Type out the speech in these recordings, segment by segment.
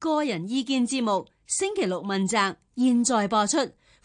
個人意見節目，星期六問責，現在播出。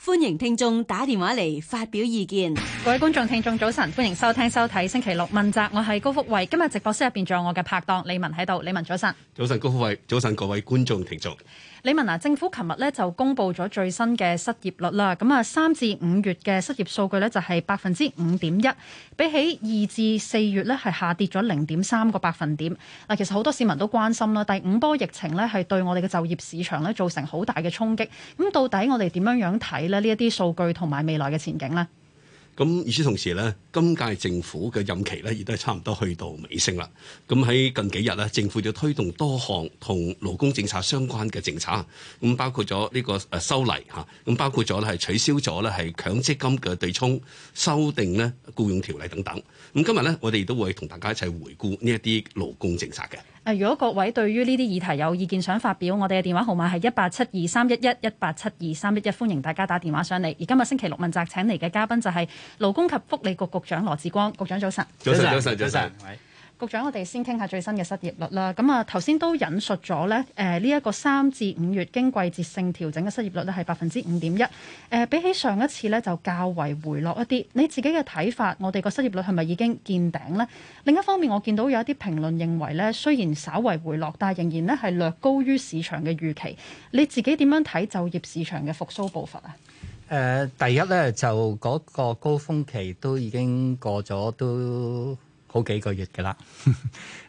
歡迎聽眾打電話嚟發表意見。各位觀眾聽眾早晨，歡迎收聽收睇星期六問責。我係高福慧，今日直播室入邊仲有我嘅拍檔李文喺度。李文早晨。早晨，高福慧，早晨各位觀眾聽眾。李文嗱，政府琴日咧就公布咗最新嘅失業率啦。咁啊，三至五月嘅失業數據咧就係百分之五點一，比起二至四月咧係下跌咗零點三個百分點。嗱，其實好多市民都關心啦，第五波疫情呢係對我哋嘅就業市場呢造成好大嘅衝擊。咁到底我哋點樣樣睇？呢一啲數據同埋未來嘅前景呢？咁與此同時咧，今屆政府嘅任期咧亦都係差唔多去到尾聲啦。咁喺近幾日咧，政府就推動多項同勞工政策相關嘅政策，咁包括咗呢、這個誒、呃、修例吓、咁、啊、包括咗咧係取消咗咧係強積金嘅對沖，修訂呢僱傭條例等等。咁今日咧，我哋亦都會同大家一齊回顧呢一啲勞工政策嘅。如果各位對於呢啲議題有意見想發表，我哋嘅電話號碼係一八七二三一一一八七二三一一，歡迎大家打電話上嚟。而今日星期六問責請嚟嘅嘉賓就係勞工及福利局局、局長羅致光。局長早晨，早晨！早晨！早晨！早晨！局長，我哋先傾下最新嘅失業率啦。咁啊，頭先都引述咗呢，誒呢一個三至五月經季節性調整嘅失業率呢係百分之五點一，誒比起上一次呢，就較為回落一啲。你自己嘅睇法，我哋個失業率係咪已經見頂呢？另一方面，我見到有一啲評論認為呢，雖然稍為回落，但係仍然呢係略高於市場嘅預期。你自己點樣睇就業市場嘅復甦步伐啊？誒、呃，第一呢，就嗰個高峰期都已經過咗，都好幾個月嘅啦，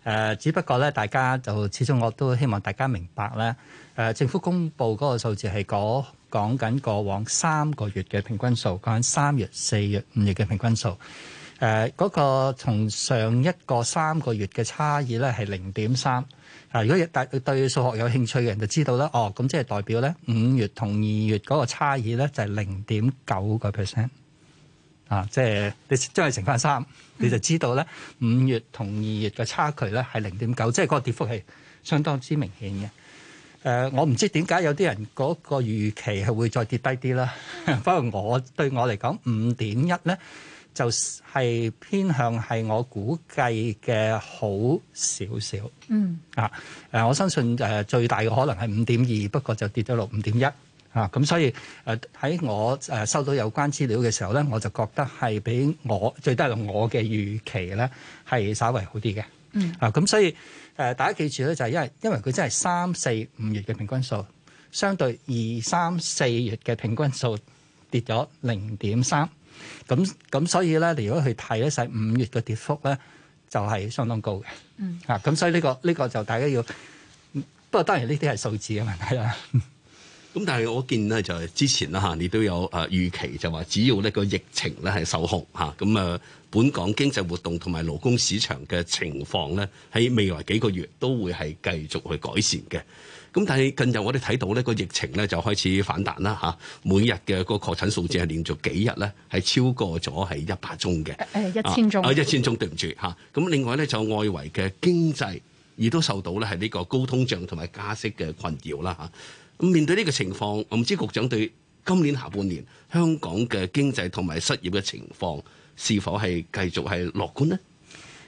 誒，只不過咧，大家就始終我都希望大家明白咧，誒，政府公布嗰個數字係講講緊過往三個月嘅平均數，講緊三月、四月、五月嘅平均數，誒，嗰個從上一個三個月嘅差異咧係零點三，嗱，如果大對數學有興趣嘅人就知道啦，哦，咁即係代表咧五月同二月嗰個差異咧就係零點九個 percent。啊！即係你將佢乘翻三，你就知道咧，五月同二月嘅差距咧係零點九，即係嗰個跌幅係相當之明顯嘅。誒，我唔知點解有啲人嗰個預期係會再跌低啲啦。嗯、 不過我對我嚟講呢，五點一咧就係、係、偏向係我估計嘅好少少。嗯。啊誒，我相信誒最大嘅可能係五點二，不過就跌咗落五點一。啊，咁所以，誒喺我誒收到有關資料嘅時候咧，我就覺得係比我最低嘅我嘅預期咧，係稍為好啲嘅。嗯。啊，咁所以誒，大家記住咧，就係因為因為佢真係三四五月嘅平均數，相對二三四月嘅平均數跌咗零點三，咁咁所以咧，如果去睇咧，係五月嘅跌幅咧，就係相當高嘅。嗯。啊，咁所以呢個呢個就大家要，不過當然呢啲係數字嘅問題啦。咁但係我見咧就係之前啦嚇，你都有誒預期就話，只要呢個疫情咧係受控嚇，咁誒本港經濟活動同埋勞工市場嘅情況咧，喺未來幾個月都會係繼續去改善嘅。咁但係近日我哋睇到呢個疫情咧就開始反彈啦嚇，每日嘅個確診數字係連續幾日咧係超過咗係一百宗嘅，誒一千宗啊一千宗對唔住嚇。咁另外咧就外圍嘅經濟亦都受到咧係呢個高通脹同埋加息嘅困擾啦嚇。咁面對呢個情況，我唔知局長對今年下半年香港嘅經濟同埋失業嘅情況是否係繼續係樂觀咧？誒、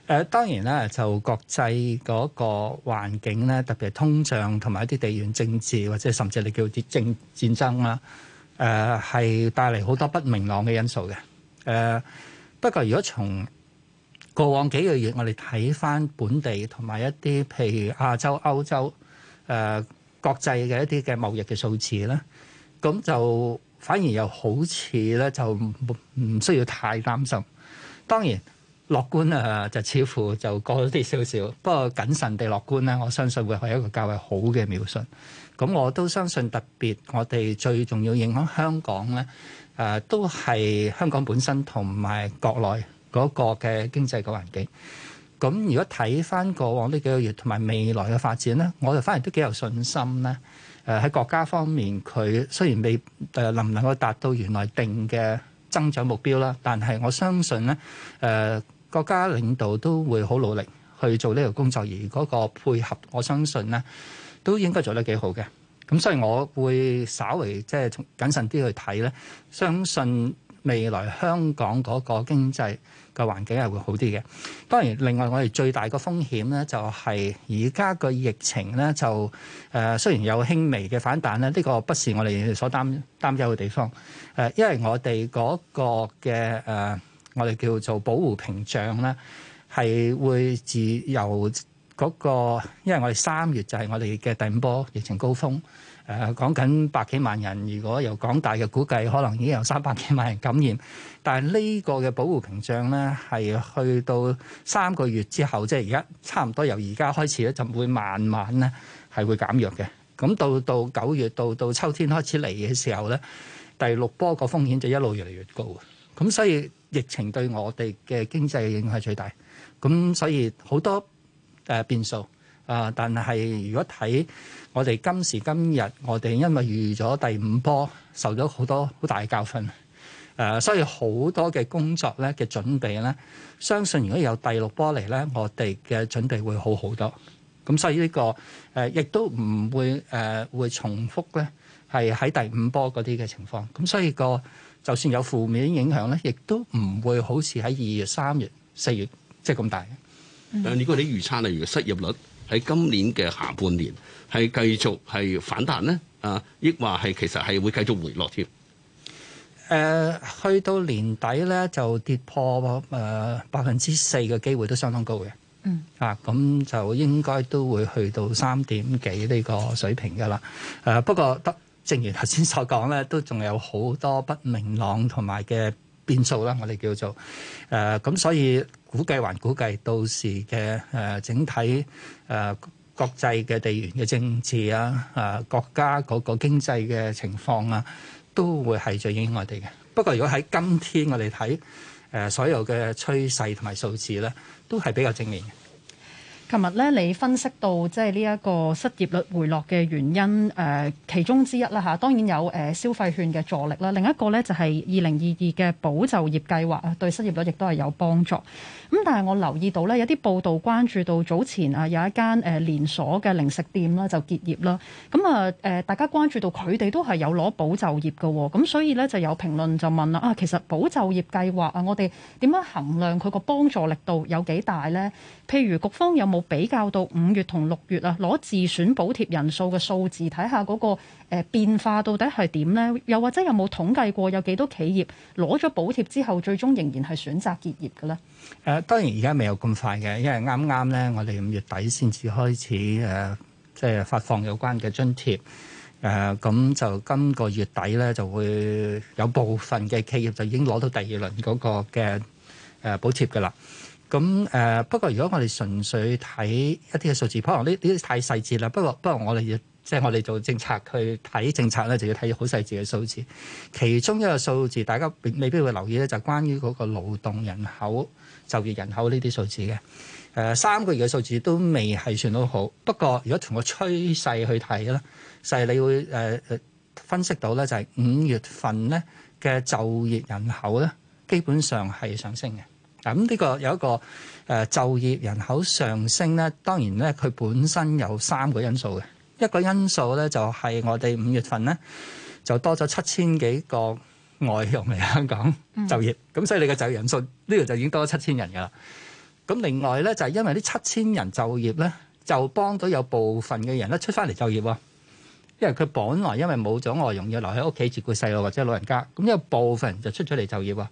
呃，當然啦，就國際嗰個環境咧，特別係通脹同埋一啲地緣政治，或者甚至你叫啲政戰爭啦，誒、呃，係帶嚟好多不明朗嘅因素嘅。誒、呃，不過如果從過往幾個月我哋睇翻本地同埋一啲譬如亞洲、歐洲，誒、呃。國際嘅一啲嘅貿易嘅數字咧，咁就反而又好似咧，就唔唔需要太擔心。當然樂觀啊，就似乎就過咗啲少少，不過謹慎地樂觀咧，我相信會係一個較為好嘅描述。咁我都相信，特別我哋最重要影響香港咧，誒都係香港本身同埋國內嗰個嘅經濟嘅環境。咁如果睇翻過往呢幾個月同埋未來嘅發展咧，我就反而都幾有信心咧。誒喺國家方面，佢雖然未誒能唔能夠達到原來定嘅增長目標啦，但係我相信咧，誒國家領導都會好努力去做呢個工作，而嗰個配合，我相信咧都應該做得幾好嘅。咁所以，我會稍為即係謹慎啲去睇咧，相信未來香港嗰個經濟。個環境係會好啲嘅。當然，另外我哋最大個風險咧，就係而家個疫情咧，就、呃、誒雖然有輕微嘅反彈咧，呢個不是我哋所擔擔憂嘅地方。誒、呃，因為我哋嗰個嘅誒、呃，我哋叫做保護屏障咧，係會自由嗰、那個，因為我哋三月就係我哋嘅第五波疫情高峰。誒講緊百幾萬人，如果由港大嘅估計，可能已經有三百幾萬人感染。但係呢個嘅保護屏障咧，係去到三個月之後，即係而家差唔多由而家開始咧，就會慢慢咧係會減弱嘅。咁到到九月到到秋天開始嚟嘅時候咧，第六波個風險就一路越嚟越高。咁所以疫情對我哋嘅經濟影響係最大。咁所以好多誒變數。啊！但係如果睇我哋今時今日，我哋因為預咗第五波，受咗好多好大嘅教訓，誒，所以好多嘅工作咧嘅準備咧，相信如果有第六波嚟咧，我哋嘅準備會好好多。咁所以呢個誒亦都唔會誒、呃、會重複咧，係喺第五波嗰啲嘅情況。咁所以個就算有負面影響咧，亦都唔會好似喺二月、三月、四月即係咁大、嗯。但如果你預測例如失業率。喺今年嘅下半年，係繼續係反彈呢，啊，抑或係其實係會繼續回落添。誒、呃，去到年底咧就跌破誒百分之四嘅機會都相當高嘅。嗯，啊，咁就應該都會去到三點幾呢個水平噶啦。誒，不過得正如頭先所講咧，都仲有好多不明朗同埋嘅，變數啦，我哋叫做誒，咁所以估計還估計，到時嘅誒整體誒國際嘅地緣嘅政治啊，誒國家嗰個經濟嘅情況啊，都會係最影響我哋嘅。不過如果喺今天我哋睇誒所有嘅趨勢同埋數字咧，都係比較正面嘅。琴日咧，你分析到即係呢一個失業率回落嘅原因，誒、呃、其中之一啦吓，當然有誒、呃、消費券嘅助力啦。另一個咧就係二零二二嘅保就業計劃啊，對失業率亦都係有幫助。咁但係我留意到咧，有啲報道關注到早前啊有一間誒連鎖嘅零食店啦就結業啦。咁啊誒大家關注到佢哋都係有攞保就業嘅，咁所以咧就有評論就問啦啊，其實保就業計劃啊，我哋點樣衡量佢個幫助力度有幾大咧？譬如局方有冇？比較到五月同六月啊，攞自選補貼人數嘅數字，睇下嗰個誒、呃、變化到底係點咧？又或者有冇統計過有幾多企業攞咗補貼之後，最終仍然係選擇結業嘅咧？誒、呃，當然而家未有咁快嘅，因為啱啱咧，我哋五月底先至開始誒、呃，即係發放有關嘅津貼誒，咁、呃、就今個月底咧就會有部分嘅企業就已經攞到第二輪嗰個嘅誒補貼噶啦。呃咁誒，不過如果我哋純粹睇一啲嘅數字，可能呢啲太細節啦。不過，不過我哋要即係我哋做政策去睇政策咧，就要睇好細緻嘅數字。其中一個數字，大家未必會留意咧，就係關於嗰個勞動人口就業人口呢啲數字嘅。誒三個月嘅數字都未係算到好。不過，如果從個趨勢去睇咧，就係你會誒分析到咧，就係五月份咧嘅就業人口咧，基本上係上升嘅。咁、這、呢個有一個誒就業人口上升咧，當然咧佢本身有三個因素嘅。一個因素咧就係我哋五月份咧就多咗七千幾個外傭嚟香港就業，咁、嗯、所以你嘅就業人數呢度就已經多咗七千人㗎啦。咁另外咧就係因為呢七千人就業咧就幫到有部分嘅人咧出翻嚟就業喎，因為佢本來因為冇咗外傭要留喺屋企照顧細路或者老人家，咁有部分人就出咗嚟就業喎。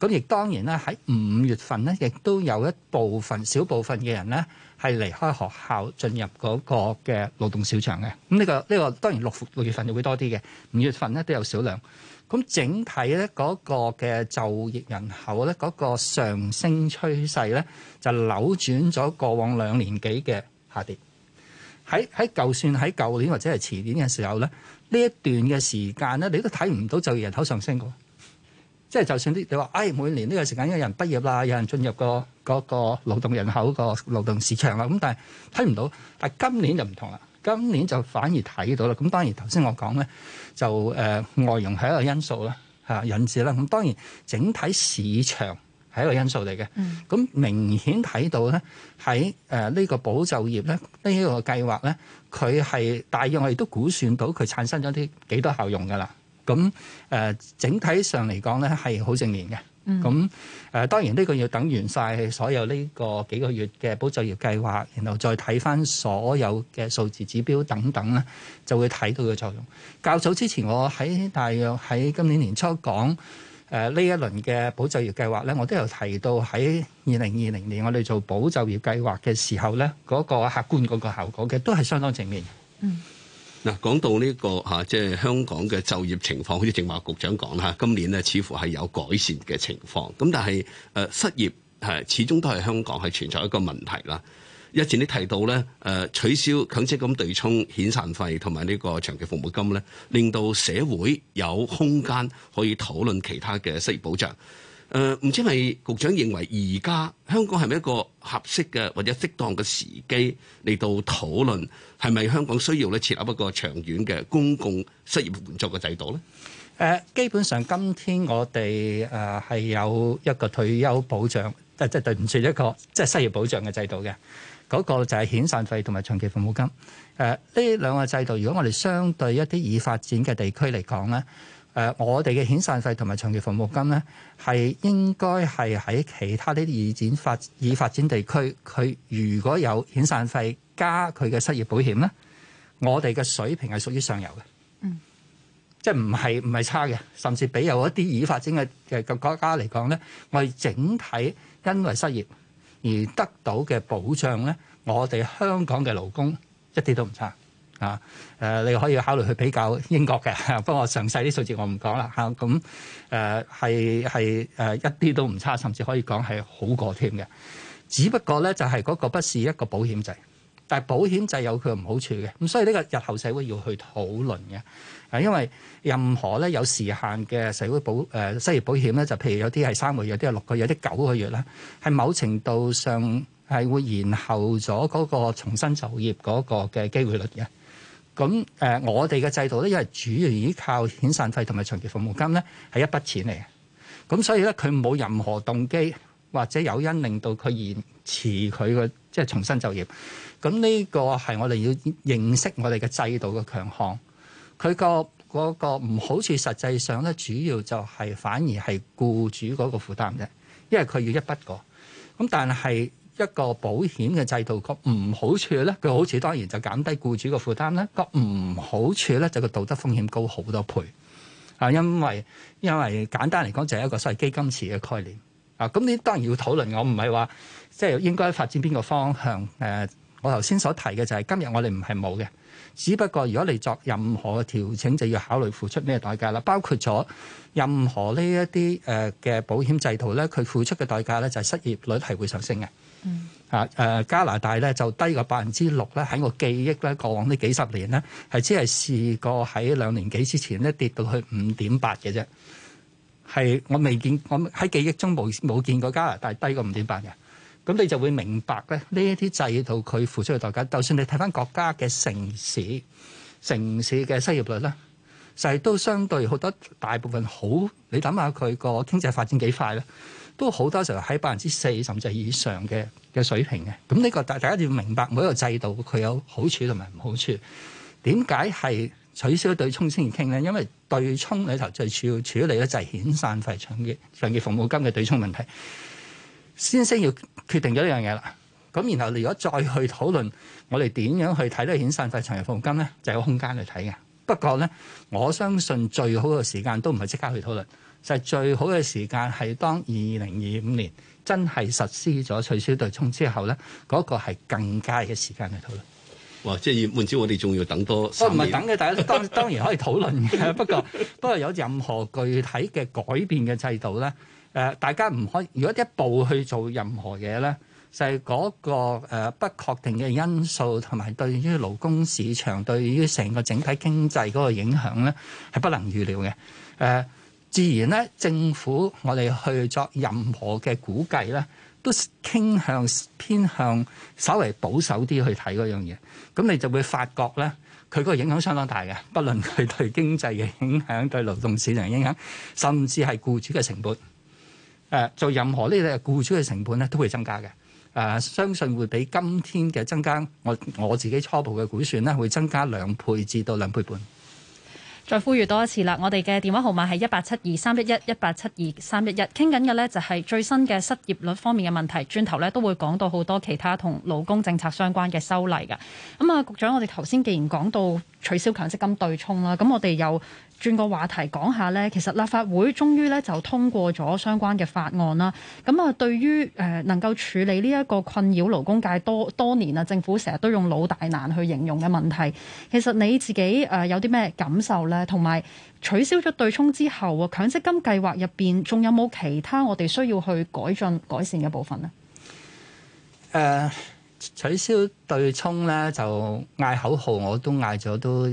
咁亦當然咧，喺五月份咧，亦都有一部分小部分嘅人咧，係離開學校進入嗰個嘅勞動市場嘅。咁呢個呢個當然六六月份就會多啲嘅，五月份咧都有少量。咁整體咧，嗰個嘅就業人口咧，嗰個上升趨勢咧，就扭轉咗過往兩年幾嘅下跌。喺喺就算喺舊年或者係遲年嘅時候咧，呢一段嘅時間咧，你都睇唔到就業人口上升過。即係就算啲你話，誒每年呢個時間有人畢業啦，有人進入個嗰個勞動人口個勞動市場啦，咁但係睇唔到。但今年就唔同啦，今年就反而睇到啦。咁當然頭先我講咧，就、呃、外傭係一個因素啦，嚇引致啦。咁當然整體市場係一個因素嚟嘅。咁明顯睇到咧，喺呢個保就業咧，呢個計劃咧，佢係大約我哋都估算到佢產生咗啲幾多效用㗎啦。咁誒，整體上嚟講咧，係好正面嘅。咁、嗯、誒，當然呢個要等完晒所有呢個幾個月嘅保就業計劃，然後再睇翻所有嘅數字指標等等咧，就會睇到嘅作用。較早之前我喺大約喺今年年初講誒呢、呃、一輪嘅保就業計劃咧，我都有提到喺二零二零年我哋做保就業計劃嘅時候咧，嗰、嗰個客觀嗰個效果嘅都係相當正面的。嗯。嗱、這個，講到呢個即係香港嘅就業情況，好似政務局長講今年似乎係有改善嘅情況。咁但係失業始終都係香港係存在一個問題啦。一前你提到咧，取消強積金對沖遣散費同埋呢個長期服務金咧，令到社會有空間可以討論其他嘅失業保障。誒、呃、唔知係局長認為而家香港係咪一個合適嘅或者適當嘅時機嚟到討論係咪香港需要咧設立一個長遠嘅公共失業援助嘅制度咧？誒、呃、基本上今天我哋誒係有一個退休保障誒，即係對唔住一個即係、就是、失業保障嘅制度嘅嗰、那個就係遣散費同埋長期服務金誒呢、呃、兩個制度如果我哋相對一啲已發展嘅地區嚟講咧。誒、呃，我哋嘅遣散費同埋長期服務金咧，係應該係喺其他呢啲已展發已發展地區，佢如果有遣散費加佢嘅失業保險咧，我哋嘅水平係屬於上游嘅，嗯，即係唔係唔係差嘅，甚至比有一啲已發展嘅嘅國家嚟講咧，我哋整體因為失業而得到嘅保障咧，我哋香港嘅勞工一啲都唔差。啊，誒你可以考慮去比較英國嘅，不過我詳細啲數字我唔講啦嚇。咁誒係係誒一啲都唔差，甚至可以講係好過添嘅。只不過咧就係、是、嗰個不是一個保險制，但係保險制有佢唔好處嘅。咁所以呢個日後社會要去討論嘅，啊，因為任何咧有時限嘅社會保誒、啊、失業保險咧，就譬如有啲係三個月，有啲係六個月，有啲九個月咧，係某程度上係會延後咗嗰個重新就業嗰個嘅機會率嘅。咁誒，我哋嘅制度咧，因為主要依靠遣散費同埋長期服務金咧，係一筆錢嚟嘅。咁所以咧，佢冇任何動機或者有因令到佢延遲佢個即係重新就業。咁呢個係我哋要認識我哋嘅制度嘅強項。佢個嗰個唔好處，實際上咧，主要就係反而係雇主嗰個負擔啫，因為佢要一筆過。咁但係。一個保險嘅制度個唔好處咧，佢好處當然就減低僱主嘅負擔啦。個唔好處咧就個道德風險高好多倍啊！因為因為簡單嚟講就係一個所謂基金池嘅概念啊！咁你當然要討論，我唔係話即係應該發展邊個方向誒、啊？我頭先所提嘅就係今日我哋唔係冇嘅，只不過如果你作任何嘅調整就要考慮付出咩代價啦。包括咗任何呢一啲誒嘅保險制度咧，佢付出嘅代價咧就係失業率係會上升嘅。嗯，誒，加拿大咧就低過百分之六咧，喺我記憶咧過往呢幾十年咧係只係試過喺兩年幾之前咧跌到去五點八嘅啫，係我未見，我喺記憶中冇冇見過加拿大低過五點八嘅，咁你就會明白咧，呢一啲制度佢付出嘅代價，就算你睇翻國家嘅城市，城市嘅失業率咧，就係都相對好多大部分好，你諗下佢個經濟發展幾快咧，都好多時候喺百分之四甚至以上嘅嘅水平嘅，咁呢個大大家要明白每一個制度佢有好處同埋唔好處。點解係取消對沖先至傾咧？因為對沖裏頭最主要處理咧，就係遣散費、長嘅長期服務金嘅對沖問題。先先要決定咗呢樣嘢啦，咁然後你如果再去討論我哋點樣去睇呢遣散費、長期服務金咧，就有空間去睇嘅。不過咧，我相信最好嘅時間都唔係即刻去討論。就係、是、最好嘅時間，係當二零二五年真係實施咗取消對沖之後咧，嗰、那個係更佳嘅時間去討論。哇！即係換之，我哋仲要等多，我唔係等嘅，大家當 當然可以討論嘅。不過 不過有任何具體嘅改變嘅制度咧，誒、呃，大家唔可以。如果一步去做任何嘢咧，就係、是、嗰、那個、呃、不確定嘅因素，同埋對於勞工市場、對於成個整體經濟嗰個影響咧，係不能預料嘅，誒、呃。自然咧，政府我哋去作任何嘅估計咧，都傾向偏向稍為保守啲去睇嗰樣嘢。咁你就會發覺咧，佢個影響相當大嘅，不論佢對經濟嘅影響、對勞動市場嘅影響，甚至係僱主嘅成本，啊，做任何呢啲僱主嘅成本咧，都會增加嘅，啊，相信會比今天嘅增加，我我自己初步嘅估算咧，會增加兩倍至到兩倍半。再呼籲多一次啦！我哋嘅電話號碼係一八七二三一一一八七二三一一，傾緊嘅呢就係最新嘅失業率方面嘅問題，轉頭呢都會講到好多其他同勞工政策相關嘅修例㗎。咁、嗯、啊，局長，我哋頭先既然講到，取消強積金對沖啦，咁我哋又轉個話題講下呢。其實立法會終於呢，就通過咗相關嘅法案啦。咁啊，對於誒能夠處理呢一個困擾勞工界多多年啊，政府成日都用老大難去形容嘅問題，其實你自己誒有啲咩感受呢？同埋取消咗對沖之後啊，強積金計劃入邊仲有冇其他我哋需要去改進改善嘅部分呢？誒、uh...。取消對沖咧，就嗌口號，我都嗌咗，都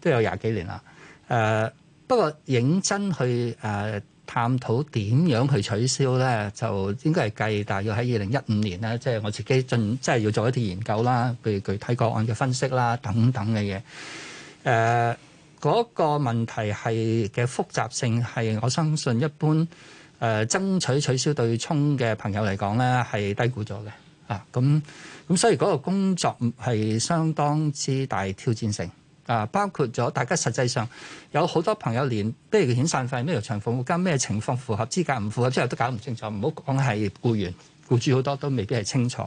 都有廿幾年啦。誒，不過認真去誒探討點樣去取消咧，就應該係計大約喺二零一五年咧，即係我自己進即係要做一啲研究啦，譬如具體個案嘅分析啦，等等嘅嘢。誒，嗰個問題係嘅複雜性係，我相信一般誒爭取取消對沖嘅朋友嚟講咧，係低估咗嘅。啊，咁、啊、咁、啊啊，所以嗰個工作係相當之大挑戰性。啊，包括咗大家實際上有好多朋友連咩叫遣散費、咩叫長服務金、咩情況符合資格、唔符合之後都搞唔清楚。唔好講係僱員、僱主，好多都未必係清楚。誒、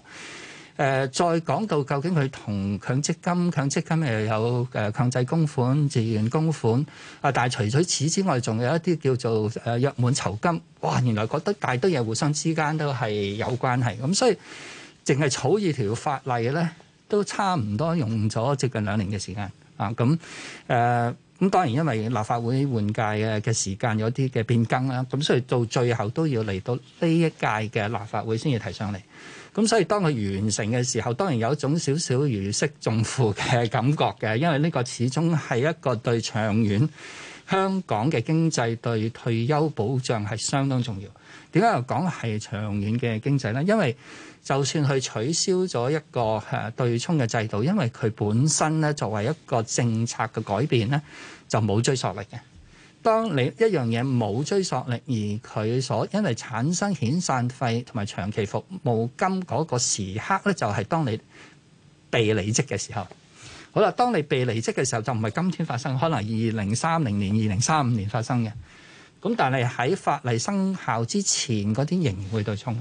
啊，再講到究竟佢同強積金、強積金又有誒、呃、強制供款、自願供款啊，但係除咗此之外，仲有一啲叫做誒、啊、約滿酬金。哇，原來覺得大堆嘢互相之間都係有關係。咁、啊、所以。淨係草擬條法例咧，都差唔多用咗接近兩年嘅時間啊！咁、啊、誒，咁、啊、當然因為立法會換屆嘅嘅時間有啲嘅變更啦，咁、啊、所以到最後都要嚟到呢一屆嘅立法會先至提上嚟。咁、啊、所以當佢完成嘅時候，當然有一種少少如釋重負嘅感覺嘅，因為呢個始終係一個對長遠香港嘅經濟，對退休保障係相當重要。點解又講係長遠嘅經濟呢？因為就算佢取消咗一個誒對沖嘅制度，因為佢本身咧作為一個政策嘅改變咧，就冇追溯力嘅。當你一樣嘢冇追溯力，而佢所因為產生遣散費同埋長期服務金嗰個時刻咧，就係當你被離職嘅時候。好啦，當你被離職嘅時候，就唔係今天發生，可能二零三零年、二零三五年發生嘅。咁但係喺法例生效之前嗰啲仍會對沖嘅。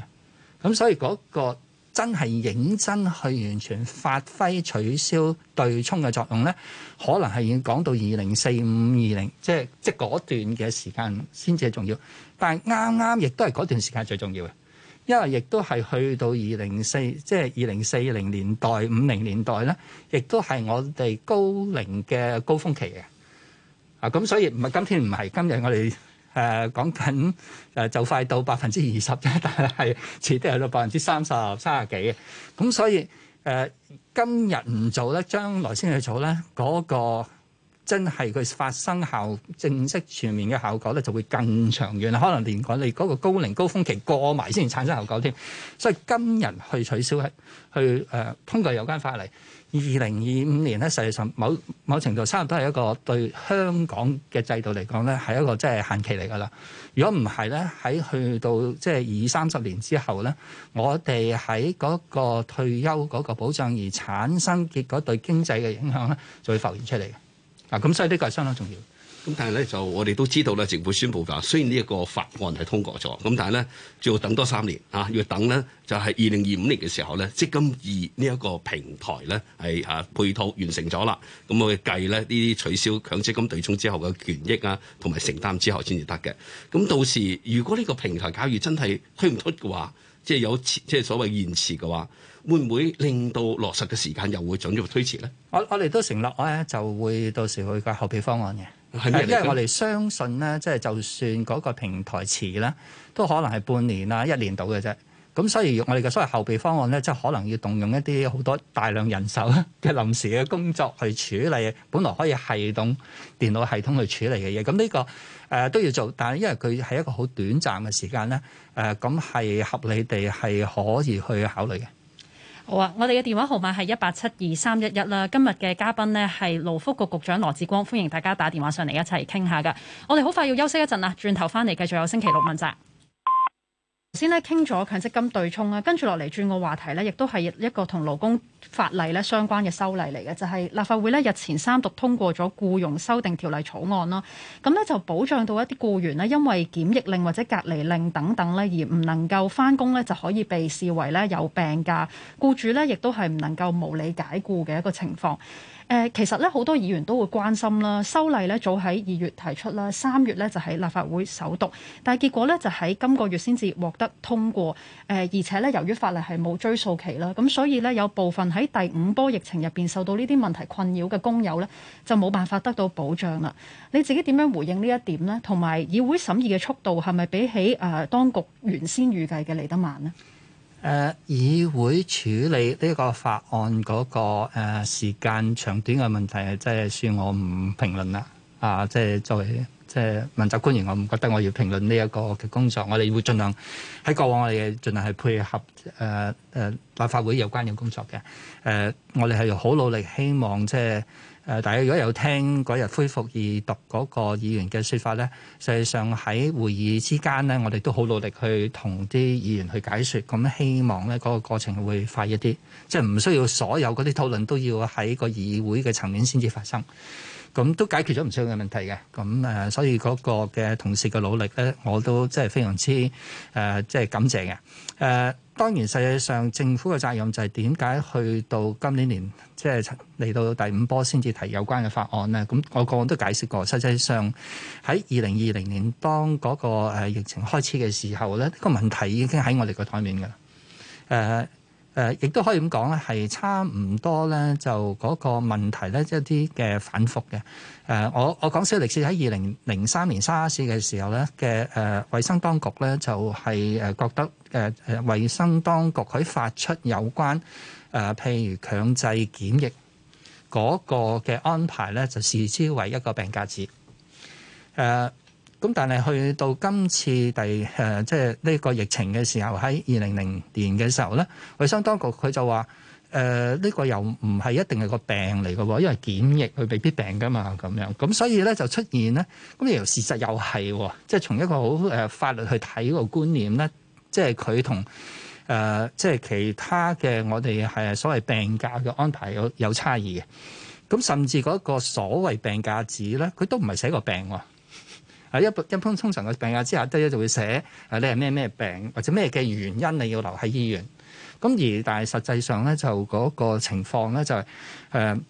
咁所以嗰個真係認真去完全發揮取消對沖嘅作用咧，可能係已經講到二零四五、二零即係即係嗰段嘅時間先至重要。但係啱啱亦都係嗰段時間最重要嘅，因為亦都係去到二零四即係二零四零年代、五零年代咧，亦都係我哋高齡嘅高峰期嘅。啊，咁所以唔係今天唔係今日我哋。誒、呃、講緊誒、呃、就快到百分之二十啫，但係係遲啲係到百分之三十、三十幾嘅。咁所以誒、呃、今日唔做咧，將來先去做咧，嗰、那個真係佢發生效正式全面嘅效果咧，就會更長遠啦。可能連講你嗰個高齡高峰期過埋先，產生效果添。所以今日去取消係去誒、呃、通過有關法例。二零二五年咧，實際上某某程度差唔多係一個對香港嘅制度嚟講咧，係一個即係限期嚟㗎啦。如果唔係咧，喺去到即係二三十年之後咧，我哋喺嗰個退休嗰個保障而產生結果對經濟嘅影響咧，就會浮現出嚟嘅。嗱，啊，咁所以呢個係相當重要。咁但係咧就我哋都知道啦，政府宣布嘅話，雖然呢一個法案係通過咗，咁但係咧要等多三年啊，要等咧就係二零二五年嘅時候咧，積金易呢一個平台咧係、啊、配套完成咗啦，咁我計咧呢啲取消強積金對沖之後嘅權益啊，同埋承擔之後先至得嘅。咁到時如果呢個平台假如真係推唔出嘅話，即係有即係所謂延遲嘅話，會唔會令到落實嘅時間又會進一步推遲咧？我我哋都承諾我咧就會到時去個後備方案嘅。係，因為我哋相信咧，即係就算嗰個平台遲咧，都可能係半年啦、一年到嘅啫。咁所以我哋嘅所謂後備方案咧，即係可能要動用一啲好多大量人手嘅臨時嘅工作去處理本來可以系統、電腦系統去處理嘅嘢。咁呢個，呃、都要做，但係因為佢係一個好短暫嘅時間咧，誒咁係合理地係可以去考慮嘅。好啊！我哋嘅電話號碼係一八七二三一一啦。今日嘅嘉賓呢係勞福局局長羅致光，歡迎大家打電話上嚟一齊傾下噶。我哋好快要休息一陣喇，轉頭翻嚟繼續有星期六問責。頭先咧傾咗強積金對沖啊，跟住落嚟轉個話題呢，亦都係一個同勞工法例咧相關嘅修例嚟嘅，就係立法會咧日前三讀通過咗僱傭修訂條例草案啦。咁呢就保障到一啲僱員咧，因為檢疫令或者隔離令等等咧，而唔能夠返工咧，就可以被視為咧有病假，僱主呢亦都係唔能夠無理解僱嘅一個情況。誒，其實呢，好多議員都會關心啦，修例呢早喺二月提出啦，三月呢就喺立法會首讀，但係結果呢就喺今個月先至獲得通過。誒，而且呢，由於法例係冇追溯期啦，咁所以呢，有部分，喺第五波疫情入邊受到呢啲問題困擾嘅工友呢，就冇辦法得到保障啦。你自己點樣回應呢一點呢？同埋議會審議嘅速度係咪比起誒、呃、當局原先預計嘅嚟得慢呢？誒、呃，議會處理呢個法案嗰、嗰個誒、呃、時間長短嘅問題，即係算我唔評論啦。啊，即係作為。即係問責官員，我唔覺得我要評論呢一個嘅工作。我哋會盡量喺過往，我哋嘅盡量係配合誒誒、呃、立法會有關嘅工作嘅。誒、呃，我哋係好努力，希望即係誒大家如果有聽嗰日恢復二讀嗰個議員嘅説法咧，實際上喺會議之間咧，我哋都好努力去同啲議員去解説。咁希望咧，嗰個過程會快一啲，即係唔需要所有嗰啲討論都要喺個議會嘅層面先至發生。咁都解決咗唔少嘅問題嘅，咁誒，所以嗰個嘅同事嘅努力咧，我都真係非常之誒，即係感謝嘅。誒，當然實際上政府嘅責任就係點解去到今年年即係嚟到第五波先至提有關嘅法案咧？咁我個，個個都解釋過，實際上喺二零二零年當嗰個疫情開始嘅時候咧，呢、呢個問題已經喺我哋個台面㗎啦。誒，亦都可以咁講咧，係差唔多咧，就嗰個問題咧，即係、一啲嘅反覆嘅。誒，我我講小歷史喺二零零三年沙士嘅時候咧嘅誒，衞、呃、生當局咧就係、是、誒覺得誒誒，衞、呃、生當局佢發出有關誒、呃，譬如強制檢疫嗰個嘅安排咧，就視之為一個病假紙。誒、呃。咁但係去到今次第誒、呃，即係呢個疫情嘅時候，喺二零零年嘅時候咧，衞生當局佢就話：誒、呃、呢、這個又唔係一定係個病嚟嘅喎，因為檢疫佢未必病噶嘛，咁樣。咁所以咧就出現咧，咁、呃、而事實又係、哦，即係從一個好、呃、法律去睇個觀念咧，即係佢同誒即係其他嘅我哋係所謂病假嘅安排有有差異嘅。咁甚至嗰個所謂病假紙咧，佢都唔係寫個病喎。喺一般一般通常嘅病假之下，都一就會寫，誒你係咩咩病，或者咩嘅原因你要留喺醫院。咁而但係實際上咧，就、那、嗰個情況咧、就是，就係誒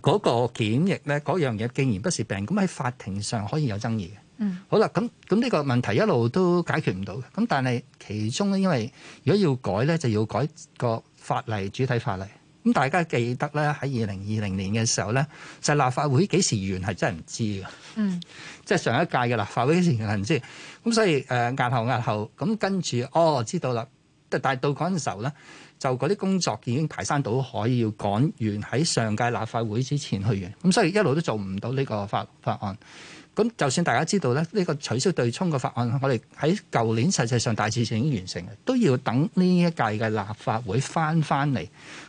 嗰個檢疫咧，嗰樣嘢竟然不是病，咁喺法庭上可以有爭議嘅。嗯。好啦，咁咁呢個問題一路都解決唔到嘅。咁但係其中咧，因為如果要改咧，就要改個法例，主體法例。咁大家記得咧，喺二零二零年嘅時候咧，就係立法會幾時完係真係唔知嘅。嗯，即係上一屆嘅立法會幾時完係唔知的。咁所以誒，押後押後。咁跟住，哦，知道啦。但係到嗰陣時候咧，就嗰啲工作已經排山倒海，要趕完喺上屆立法會之前去完。咁所以一路都做唔到呢個法法案。咁就算大家知道咧，呢個取消對沖嘅法案，我哋喺舊年實際上大致上已經完成嘅，都要等呢一屆嘅立法會翻翻嚟，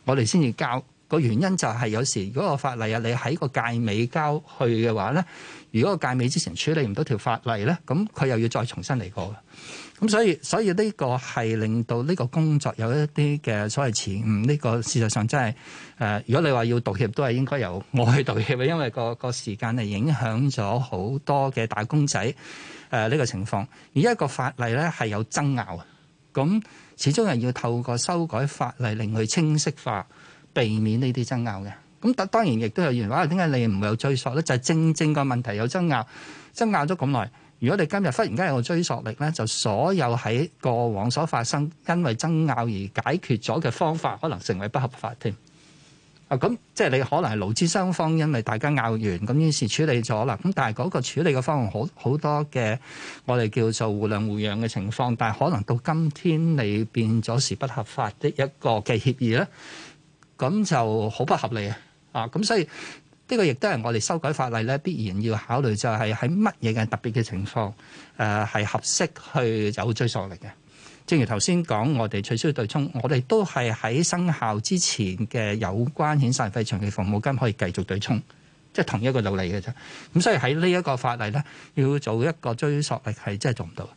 我哋先至交。個原因就係有時嗰個法例啊，你喺個屆尾交去嘅話咧，如果個屆尾之前處理唔到條法例咧，咁佢又要再重新嚟過。咁所以，所以呢個係令到呢個工作有一啲嘅，所謂遲誤呢個事實上真係誒、呃。如果你話要道歉，都係應該由我去道歉嘅，因為、嗰個、嗰個時間係影響咗好多嘅打工仔。誒、呃、呢、呢個情況。而一個法例咧係有爭拗，咁始終係要透過修改法例令佢清晰化，避免呢啲爭拗嘅。咁但當然亦都有原因，話點解你唔會有追溯咧？就係、是、正正個問題有爭拗，爭拗咗咁耐。如果你今日忽然間有個追溯力咧，就所有喺過往所發生因為爭拗而解決咗嘅方法，可能成為不合法添。啊，咁即係你可能係勞資雙方因為大家拗完咁於是處理咗啦。咁但係嗰個處理嘅方案好好多嘅，我哋叫做互諒互讓嘅情況，但係可能到今天你變咗是不合法的一個嘅協議咧，咁就好不合理啊！啊，咁所以。呢、這個亦都係我哋修改法例咧，必然要考慮就係喺乜嘢嘅特別嘅情況，誒係合適去走追溯力嘅。正如頭先講，我哋取消對沖，我哋都係喺生效之前嘅有關遣散費長期服務金可以繼續對沖，即係同一個道理嘅啫。咁所以喺呢一個法例咧，要做一個追溯力係真係做唔到。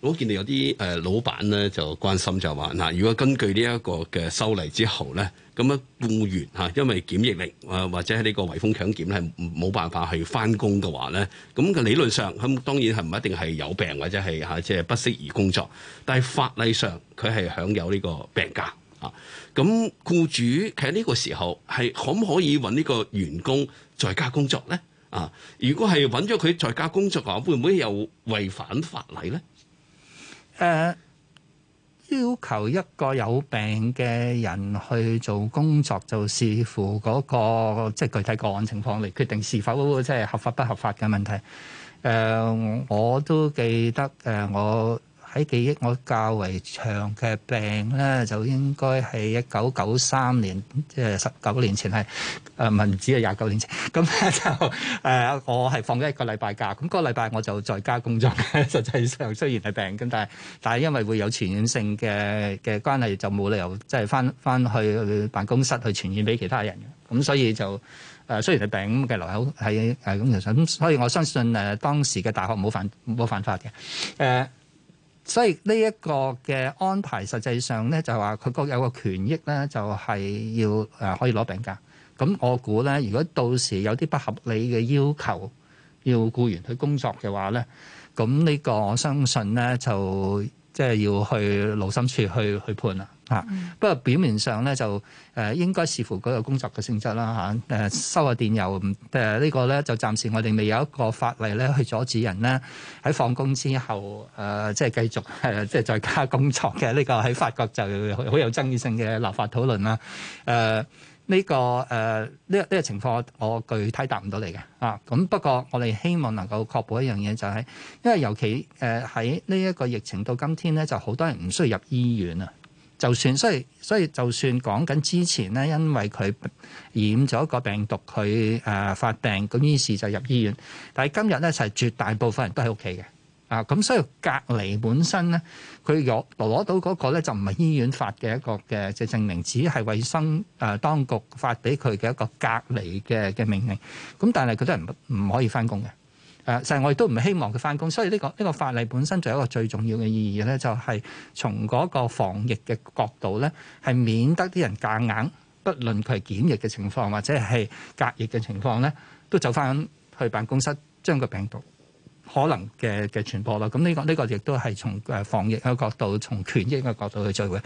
我見到有啲誒老闆咧就關心就話：嗱，如果根據呢一個嘅修例之後咧，咁啊僱員嚇，因為檢疫令啊或者喺呢個圍封強檢咧冇辦法去返工嘅話咧，咁嘅理論上咁當然係唔一定係有病或者係嚇即係不適宜工作，但係法例上佢係享有呢個病假啊。咁僱主其實呢個時候係可唔可以搵呢個員工在家工作咧？啊，如果係搵咗佢在家工作嘅話，會唔會又違反法例咧？誒、uh, 要求一個有病嘅人去做工作，那個、就視乎嗰個即係具體個案情況嚟決定是否即係合法不合法嘅問題。誒、uh, 我都記得誒、uh, 我。喺、哎、記憶，我較為長嘅病呢，就應該係一九九三年，即係十九年前，係，誒唔止係廿九年前。咁呢就誒，我係放咗一個禮拜假。咁、那個禮拜我就在家工作。實際上雖然係病，咁但係但係因為會有傳染性嘅嘅關係，就冇理由即係返返去辦公室去傳染俾其他人。咁所以就誒、呃，雖然係病嘅，留喺喺誒咁場上。所以我相信誒、呃、當時嘅大學冇犯冇犯法嘅誒。呃所以呢一個嘅安排，實際上咧就係話佢個有個權益咧，就係要誒可以攞病假。咁我估咧，如果到時有啲不合理嘅要求，要僱員去工作嘅話咧，咁呢個我相信咧就即係要去勞審處去去判啦。啊、嗯，不過表面上咧就誒應該視乎嗰個工作嘅性質啦嚇。收下電郵誒呢個咧就暫時我哋未有一個法例咧去阻止人咧喺放工之後誒、呃、即係繼續誒即係再加工作嘅呢、這個喺法國就好有爭議性嘅立法討論啦。誒、呃、呢、這個誒呢呢個情況我具體答唔到你嘅啊。咁不過我哋希望能夠確保一樣嘢就係、是，因為尤其誒喺呢一個疫情到今天咧，就好多人唔需要入醫院啊。就算，所以所以就算講緊之前咧，因為佢染咗個病毒，佢誒發病咁，於是就入醫院。但係今日咧，就係絕大部分人都喺屋企嘅啊。咁所以隔離本身咧，佢有攞到嗰個咧，就唔係醫院發嘅一個嘅即係證明，只係衞生誒當局發俾佢嘅一個隔離嘅嘅命令。咁但係佢都係唔唔可以翻工嘅。誒，實在我亦都唔係希望佢翻工，所以呢個呢個法例本身就有一個最重要嘅意義咧，就係從嗰個防疫嘅角度咧，係免得啲人夾硬，不論佢係檢疫嘅情況或者係隔疫嘅情況咧，都走翻去辦公室將個病毒可能嘅嘅傳播咯。咁呢個呢個亦都係從誒防疫嘅角度，從權益嘅角度去做嘅。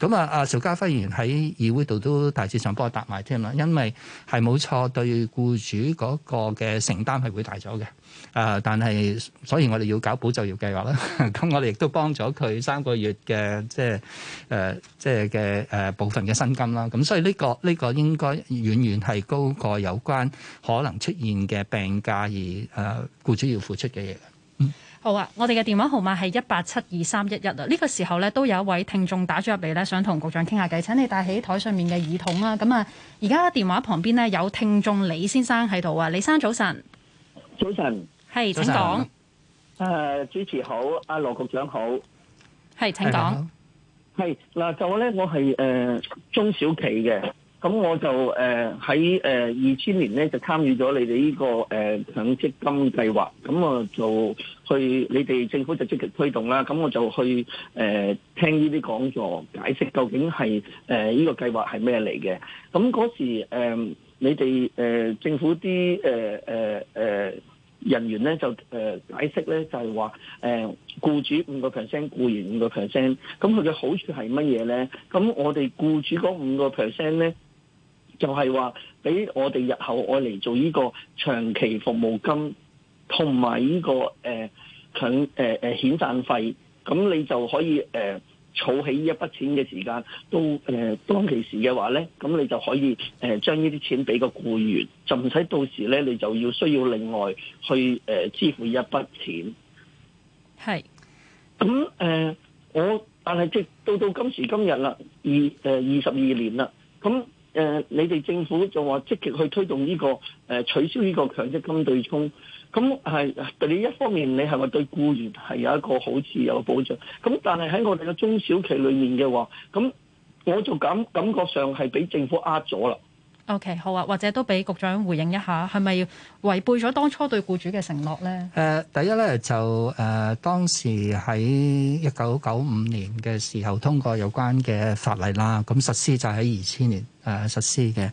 咁啊啊邵家輝議員喺議會度都大致上幫我答埋添啦，因為係冇錯，對僱主嗰個嘅承擔係會大咗嘅。啊、呃，但係，所以我哋要搞保就業計劃啦。咁我哋亦都幫咗佢三個月嘅，即係誒，即係嘅誒部分嘅薪金啦。咁、呃、所以呢、這個呢、這個應該遠遠係高過有關可能出現嘅病假而誒僱、呃、主要付出嘅嘢。嗯，好啊。我哋嘅電話號碼係一八七二三一一啊。呢個時候咧都有一位聽眾打咗入嚟咧，想同局長傾下偈，請你帶起台上面嘅耳筒啦。咁啊，而家、啊、電話旁邊呢，有聽眾李先生喺度啊。李生早晨。早晨，係請講。誒、呃，主持好，阿羅局長好。係請講。係嗱，就咧，我係誒、呃、中小企嘅，咁我就誒喺誒二千年咧就參與咗你哋呢、這個誒強積金計劃，咁啊就去你哋政府就積極推動啦，咁我就去誒、呃、聽呢啲講座，解釋究竟係誒呢個計劃係咩嚟嘅？咁嗰時誒、呃、你哋誒、呃、政府啲誒誒誒。呃呃呃人員咧就誒解釋咧，就係話誒僱主五個 percent，僱員五個 percent。咁佢嘅好處係乜嘢咧？咁我哋僱主五個 percent 咧，就係話俾我哋日後我嚟做呢個長期服務金，這個，同埋呢個誒強誒誒、呃、遣散費。咁你就可以誒。呃儲起呢一筆錢嘅時間到誒，當其時嘅話咧，咁你就可以誒將呢啲錢俾個僱員，就唔使到時咧你就要需要另外去誒、呃、支付一筆錢。係，咁誒、呃，我但係直到到今時今日啦，二誒二十二年啦，咁。誒、呃，你哋政府就話積極去推動呢、這個誒、呃、取消呢個強積金對沖，咁係對你一方面你係咪對僱員係有一個好似有個保障，咁但係喺我哋嘅中小企裏面嘅話，咁我就感感覺上係俾政府呃咗啦。OK，好啊，或者都俾局長回應一下，係咪要違背咗當初對僱主嘅承諾咧？誒、呃，第一咧就誒、呃，當時喺一九九五年嘅時候通過有關嘅法例啦，咁實施就喺二千年誒、呃、實施嘅。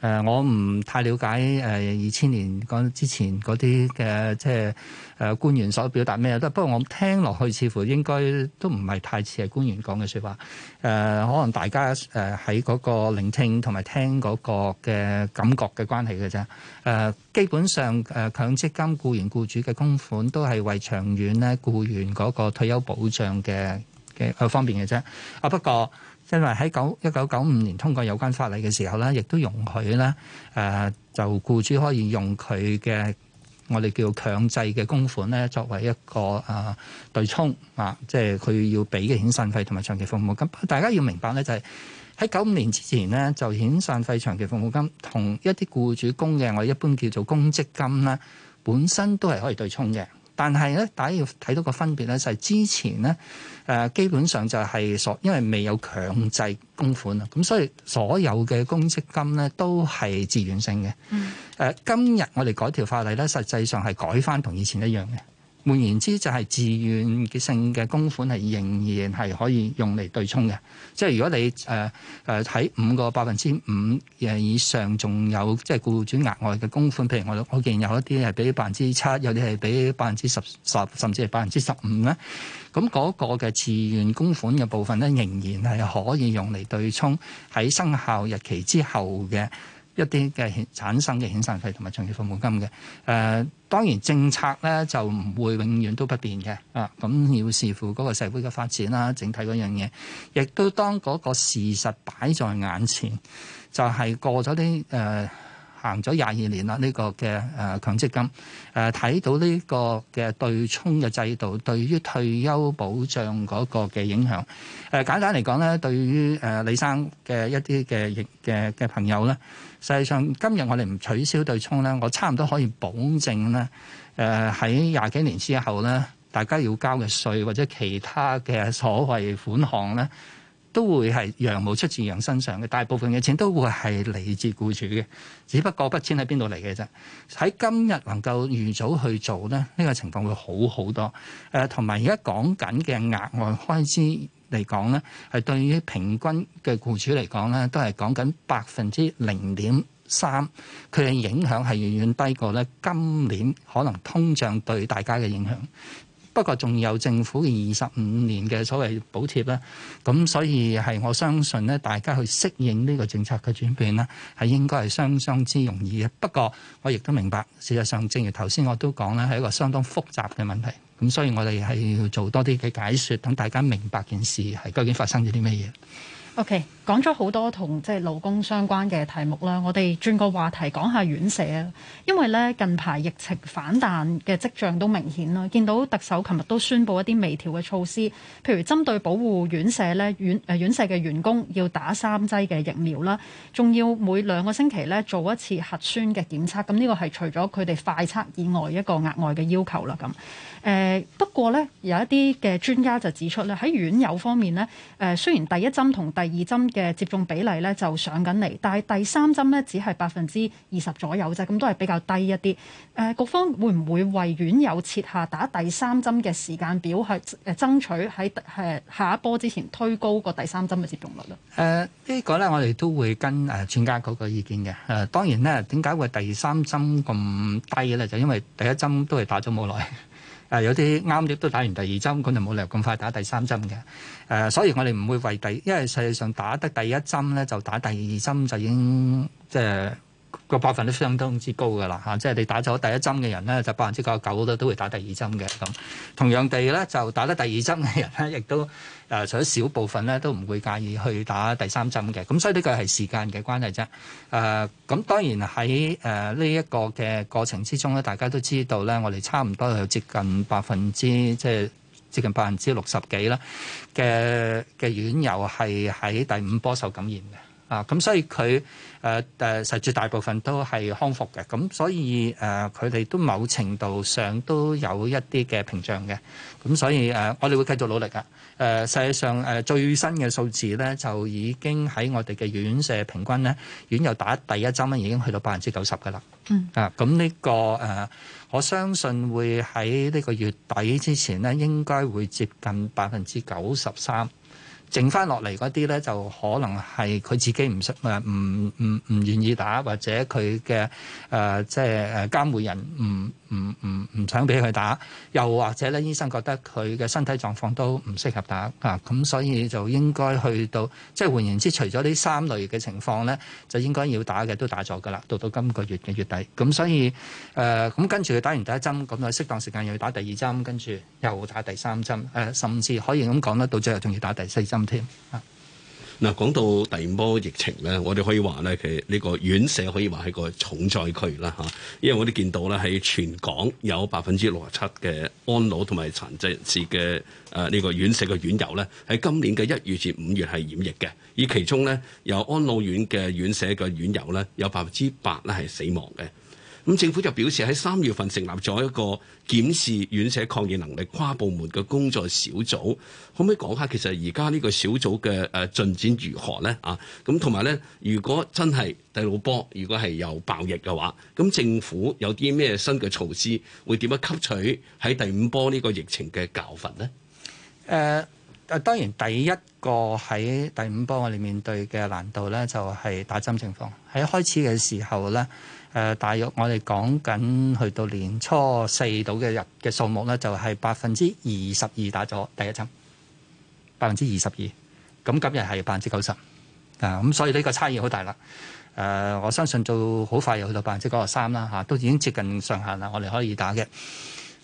誒、呃，我唔太了解誒二千年講之前嗰啲嘅，即係誒官員所表達咩，都不過我聽落去似乎應該都唔係太似係官員講嘅說話。誒、呃，可能大家誒喺嗰個聆聽同埋聽嗰個嘅感覺嘅關係嘅啫。誒、呃，基本上誒、呃、強積金僱員僱主嘅公款都係為長遠咧僱員嗰個退休保障嘅嘅、呃、方面嘅啫。啊，不過。因為喺九一九九五年通過有關法例嘅時候咧，亦都容許咧，誒就僱主可以用佢嘅我哋叫強制嘅供款咧，作為一個誒對沖啊，即係佢要俾嘅遣散費同埋長期服務金。大家要明白咧，就係喺九五年之前咧，就遣散費、長期服務金同一啲僱主供嘅我哋一般叫做公積金咧，本身都係可以對沖嘅。但係咧，大家要睇到個分別咧，就係之前咧，誒基本上就係所，因為未有強制供款啊，咁所以所有嘅公積金咧都係自願性嘅。誒、嗯，今日我哋改條法例咧，實際上係改翻同以前一樣嘅。換言之，就係自願嘅性嘅供款係仍然係可以用嚟對沖嘅。即係如果你誒誒喺五個百分之五以上，仲有即係僱主額外嘅供款，譬如我我見有一啲係俾百分之七，有啲係俾百分之十十，甚至係百分之十五咧。咁嗰個嘅自願供款嘅部分咧，仍然係可以用嚟對沖，喺生效日期之後嘅。一啲嘅產生嘅遣散費同埋長期服務金嘅誒、呃，當然政策咧就唔會永遠都不變嘅啊。咁要視乎嗰個社會嘅發展啦，整體嗰樣嘢，亦都當嗰個事實擺在眼前，就係、是、過咗啲誒行咗廿二年啦。呢、這個嘅誒、呃、強積金睇、呃、到呢個嘅對沖嘅制度對於退休保障嗰個嘅影響誒、呃，簡單嚟講咧，對於誒、呃、李生嘅一啲嘅嘅嘅朋友咧。實際上今日我哋唔取消對沖咧，我差唔多可以保證咧，喺、呃、廿幾年之後咧，大家要交嘅稅或者其他嘅所謂款項咧，都會係羊毛出自羊身上嘅，大部分嘅錢都會係嚟自僱主嘅，只不過筆錢喺邊度嚟嘅啫。喺今日能夠預早去做咧，呢、呢個情況會好好多。呃、同埋而家講緊嘅額外開支嚟講咧，係對於平均嘅僱主嚟講咧，都係講緊百分之零點三，佢嘅影響係遠遠低過咧今年可能通脹對大家嘅影響。不過仲有政府嘅二十五年嘅所謂補貼咧，咁所以係我相信咧，大家去適應呢個政策嘅轉變咧，係應該係相當之容易嘅。不過我亦都明白，事實上正如頭先我都講咧，係一個相當複雜嘅問題。咁，所以我哋係要做多啲嘅解説，等大家明白件事係究竟發生咗啲咩嘢。OK，講咗好多同即係勞工相關嘅題目啦。我哋轉個話題講下院舍啊，因為咧近排疫情反彈嘅跡象都明顯啦，見到特首琴日都宣布一啲微調嘅措施，譬如針對保護院舍咧，院誒院舍嘅員工要打三劑嘅疫苗啦，仲要每兩個星期咧做一次核酸嘅檢測。咁呢個係除咗佢哋快測以外一個額外嘅要求啦。咁誒不過咧，有一啲嘅專家就指出咧，喺院友方面呢，誒雖然第一針同第二針嘅接種比例呢就上緊嚟，但係第三針呢只係百分之二十左右啫，咁都係比較低一啲。誒、啊、局方會唔會為院友設下打第三針嘅時間表，去誒爭取喺下一波之前推高個第三針嘅接種率呢？誒、呃這個、呢個咧，我哋都會跟誒、呃、專家嗰個意見嘅。誒、呃、當然呢，點解會第三針咁低嘅咧？就因為第一針都係打咗冇耐。誒有啲啱啲都打完第二針，咁就冇理由咁快打第三針嘅。誒、呃，所以我哋唔會為第，因為實際上打得第一針咧，就打第二針就已經即係。呃個百分都相當之高㗎啦，即係你打咗第一針嘅人咧，就百分之九十九都都會打第二針嘅咁。同樣地咧，就打咗第二針嘅人咧，亦都誒，除咗少部分咧，都唔會介意去打第三針嘅。咁所以呢個係時間嘅關係啫。誒、呃，咁當然喺誒呢一個嘅過程之中咧，大家都知道咧，我哋差唔多有接近百分之即係接近百分之六十幾啦嘅嘅院友係喺第五波受感染嘅。啊，咁所以佢誒誒，實在大部分都係康復嘅，咁所以誒，佢、呃、哋都某程度上都有一啲嘅屏障嘅，咁所以誒、呃，我哋會繼續努力嘅。誒、呃，實際上誒、呃、最新嘅數字咧，就已經喺我哋嘅院舍平均咧，院友打第一針咧，已經去到百分之九十㗎啦。嗯。啊，咁呢、這個誒、呃，我相信會喺呢個月底之前咧，應該會接近百分之九十三。剩翻落嚟嗰啲咧，就可能係佢自己唔識誒，唔唔唔願意打，或者佢嘅誒即係誒監護人唔唔唔唔想俾佢打，又或者咧，醫生覺得佢嘅身體狀況都唔適合打啊，咁所以就應該去到，即係換言之，除咗呢三類嘅情況咧，就應該要打嘅都打咗噶啦，到到今個月嘅月底。咁所以誒，咁、呃、跟住佢打完第一針，咁啊適當時間又要打第二針，跟住又打第三針，啊、甚至可以咁講啦，到最後仲要打第四針添啊。嗱，講到第二波疫情咧，我哋可以話咧，其實呢個院舍可以話係個重災區啦嚇，因為我哋見到咧，喺全港有百分之六十七嘅安老同埋殘疾人士嘅誒呢個院舍嘅院友咧，喺今年嘅一月至五月係染疫嘅，而其中咧有安老院嘅院舍嘅院友咧，有百分之八咧係死亡嘅。咁政府就表示喺三月份成立咗一個檢視院舍抗疫能力跨部門嘅工作小組，可唔可以講下其實而家呢個小組嘅誒進展如何咧？啊，咁同埋咧，如果真係第六波，如果係有爆疫嘅話，咁政府有啲咩新嘅措施會點樣吸取喺第五波呢個疫情嘅教訓咧？誒、uh...。誒當然，第一個喺第五波我哋面對嘅難度咧，就係打針情況。喺開始嘅時候咧，大約我哋講緊去到年初四到嘅日嘅數目咧，就係百分之二十二打咗第一針，百分之二十二。咁今日係百分之九十。啊，咁所以呢個差異好大啦。誒，我相信到好快又去到百分之九十三啦。嚇，都已經接近上限啦。我哋可以打嘅。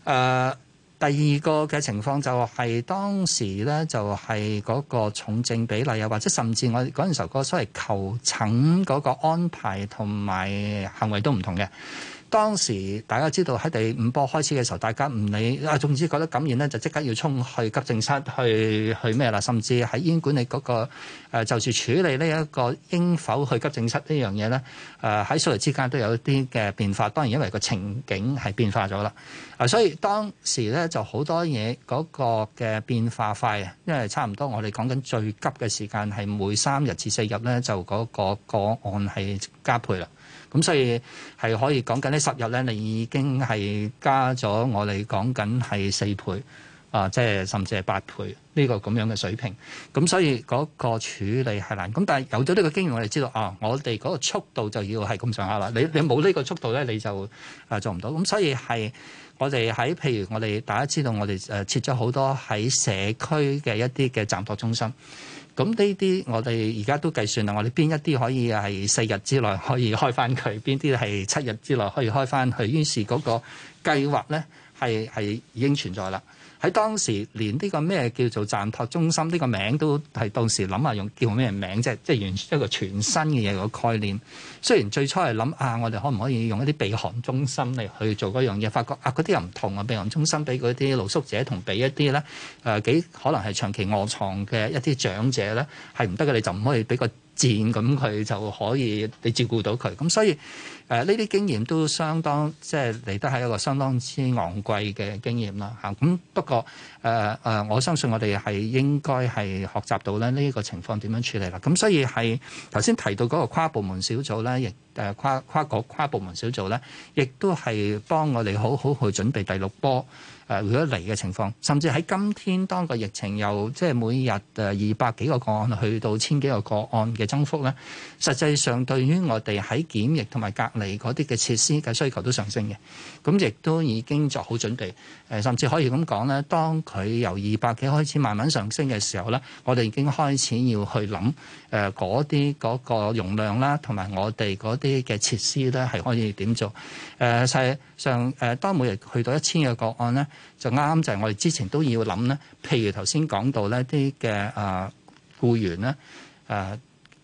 誒。第二個嘅情況就係當時咧，就係嗰個重症比例啊，或者甚至我嗰陣時候個所謂求診嗰個安排同埋行為都唔同嘅。當時大家知道喺第五波開始嘅時候，大家唔理啊，總之覺得感染咧就即刻要衝去急症室去去咩啦，甚至喺醫管理嗰、那個就算、是、處理呢一個應否去急症室呢樣嘢咧，誒喺數日之間都有啲嘅變化。當然因為個情景係變化咗啦，啊，所以當時咧就好多嘢嗰個嘅變化快啊，因為差唔多我哋講緊最急嘅時間係每三日至四日咧，就嗰個，個案係加倍啦。咁、嗯、所以係可以講緊呢十日咧，你已經係加咗我哋講緊係四倍啊、呃，即係甚至係八倍呢、呢個咁樣嘅水平。咁、嗯、所以嗰個處理係難。咁但係有咗呢個經驗，我哋知道啊，我哋嗰個速度就要係咁上下啦。你你冇呢個速度咧，你就啊做唔到。咁、嗯、所以係我哋喺譬如我哋大家知道，我哋誒設咗好多喺社區嘅一啲嘅暫託中心。咁呢啲我哋而家都計算啦，我哋邊一啲可以係四日之內可以開翻佢，邊啲係七日之內可以開翻佢，於是嗰個計劃咧係係已經存在啦。喺當時連呢個咩叫做暫託中心呢個名都係到時諗下用叫咩名啫？即係完全一個全新嘅嘢個概念。雖然最初係諗啊，我哋可唔可以用一啲避寒中心嚟去做嗰樣嘢？發覺啊，嗰啲又唔同啊，避寒中心俾嗰啲露宿者同俾一啲咧誒幾可能係長期臥床嘅一啲長者咧係唔得嘅，你就唔可以俾個。自然咁佢就可以你照顧到佢，咁所以誒，呢、呃、啲經驗都相當，即係嚟得係一個相當之昂貴嘅經驗啦吓，咁不過，誒、呃，誒、呃，我相信我哋係應該，係學習到咧呢一個情況點樣處理啦。咁所以係頭先提到嗰個跨部門小組咧，亦誒跨跨國跨、跨部門小組咧，亦都係幫我哋好好去準備第六波。誒，如果嚟嘅情況，甚至喺今天當個疫情由即係每日二百幾個個案去到千幾個個案嘅增幅咧，實際上對於我哋喺檢疫同埋隔離嗰啲嘅設施嘅需求都上升嘅，咁亦都已經作好準備。誒，甚至可以咁講咧，當佢由二百幾開始慢慢上升嘅時候咧，我哋已經開始要去諗誒嗰啲嗰個容量啦，同埋我哋嗰啲嘅設施咧係可以點做？誒，上誒當每日去到一千個個案咧，就啱啱就係我哋之前都要諗咧，譬如頭先講到咧啲嘅誒僱員咧誒，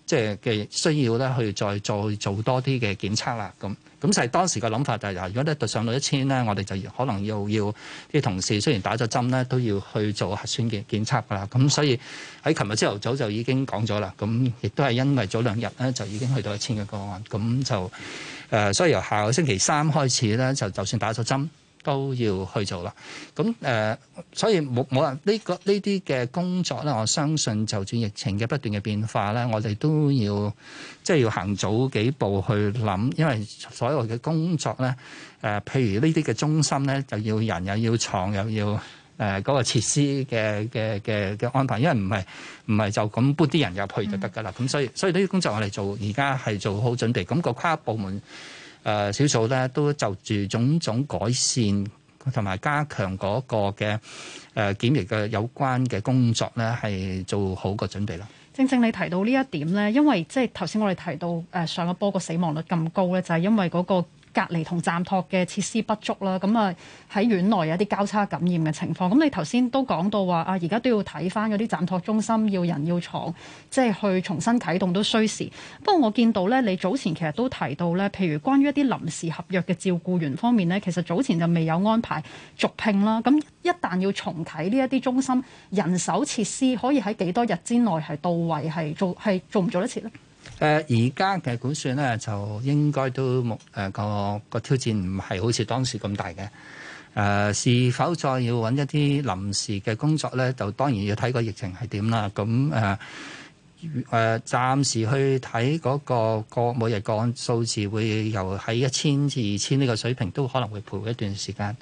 即係嘅需要咧去再再做，做多啲嘅檢測啦咁。咁就係當時個諗法就係嗱，如果咧達上到一千咧，我哋就可能又要啲同事雖然打咗針咧，都要去做核酸嘅檢測噶啦。咁所以喺琴日朝頭早就已經講咗啦。咁亦都係因為早兩日咧就已經去到一千嘅個案，咁就誒，所以由下個星期三開始咧，就就算打咗針。都要去做啦，咁誒、呃，所以冇冇人呢個呢啲嘅工作咧，我相信就算疫情嘅不斷嘅變化咧，我哋都要即係、就是、要行早幾步去諗，因為所有嘅工作咧，誒、呃，譬如呢啲嘅中心咧，就要人又要牀又要誒嗰個設施嘅嘅嘅嘅安排，因為唔係唔係就咁搬啲人入去就得噶啦，咁、嗯、所以所以呢啲工作我哋做而家係做好準備，咁、那個跨部門。誒少數咧都就住種種改善同埋加強嗰個嘅誒檢疫嘅有關嘅工作咧，係做好個準備啦。正正你提到呢一點咧，因為即係頭先我哋提到誒上個波個死亡率咁高咧，就係因為嗰個，隔離同暫托嘅設施不足啦，咁啊喺院內有啲交叉感染嘅情況。咁你頭先都講到話啊，而家都要睇返嗰啲暫托中心要人要床，即係去重新啟動都需時。不過我見到咧，你早前其實都提到咧，譬如關於一啲臨時合約嘅照顧員方面咧，其實早前就未有安排續聘啦。咁一旦要重啟呢一啲中心，人手設施可以喺幾多日之內係到位，係做係做唔做得切咧？誒而家嘅估算咧，就應該都冇誒、呃那個那個挑戰，唔係好似當時咁大嘅。誒、呃、是否再要搵一啲臨時嘅工作咧？就當然要睇個疫情係點啦。咁誒誒，暫時去睇嗰個每日個案數字，會由喺一千至二千呢個水平，都可能會徘徊一段時間。誒、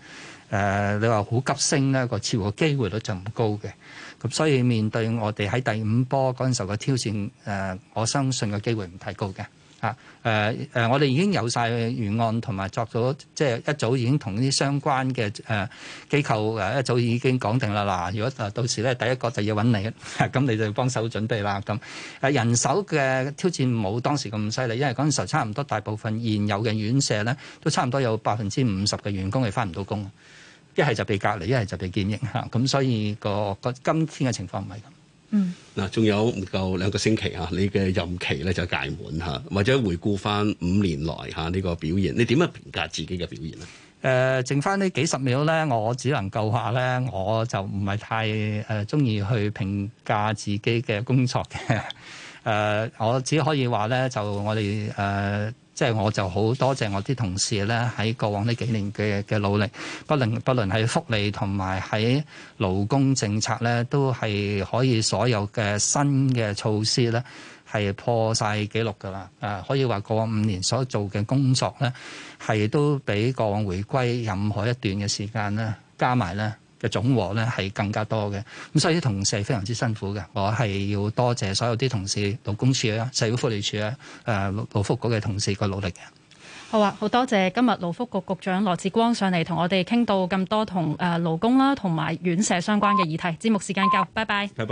呃、你話好急升咧，個超嘅機會率就唔高嘅。咁所以面對我哋喺第五波嗰陣時候嘅挑戰，誒，我相信嘅機會唔太高嘅，啊、呃，我哋已經有晒預案，同埋作咗，即係一早已經同啲相關嘅誒機構一早已經講定啦。嗱，如果到時咧第一個就要搵你，咁你就要幫手準備啦。咁人手嘅挑戰冇當時咁犀利，因為嗰陣時候差唔多大部分現有嘅院舍咧，都差唔多有百分之五十嘅員工係翻唔到工。一係就被隔離，一係就被檢疫嚇，咁所以、個個今天嘅情況唔係咁。嗯，嗱，仲有唔夠兩個星期啊，你嘅任期咧就屆滿嚇，或者回顧翻五年來嚇、啊、呢、個表現，你點樣評價自己嘅表現咧？誒、呃，剩翻呢幾十秒咧，我只能夠話咧，我就唔係太誒中意去評價自己嘅工作嘅。誒、呃，我只可以話咧，就我哋誒。呃即係我就好多謝我啲同事咧，喺過往呢幾年嘅嘅努力，不論不論係福利同埋喺勞工政策咧，都係可以所有嘅新嘅措施咧，係破晒記錄㗎啦！誒，可以話過往五年所做嘅工作咧，係都比過往回歸任何一段嘅時間咧，加埋咧。嘅總和咧係更加多嘅，咁所以啲同事係非常之辛苦嘅。我係要多謝所有啲同事，勞工處啊、社會福利處啊、誒勞勞福局嘅同事嘅努力嘅。好啊，好多謝今日勞福局局長羅致光上嚟同我哋傾到咁多同誒勞工啦同埋院舍相關嘅議題。節目時間夠，拜拜。拜拜。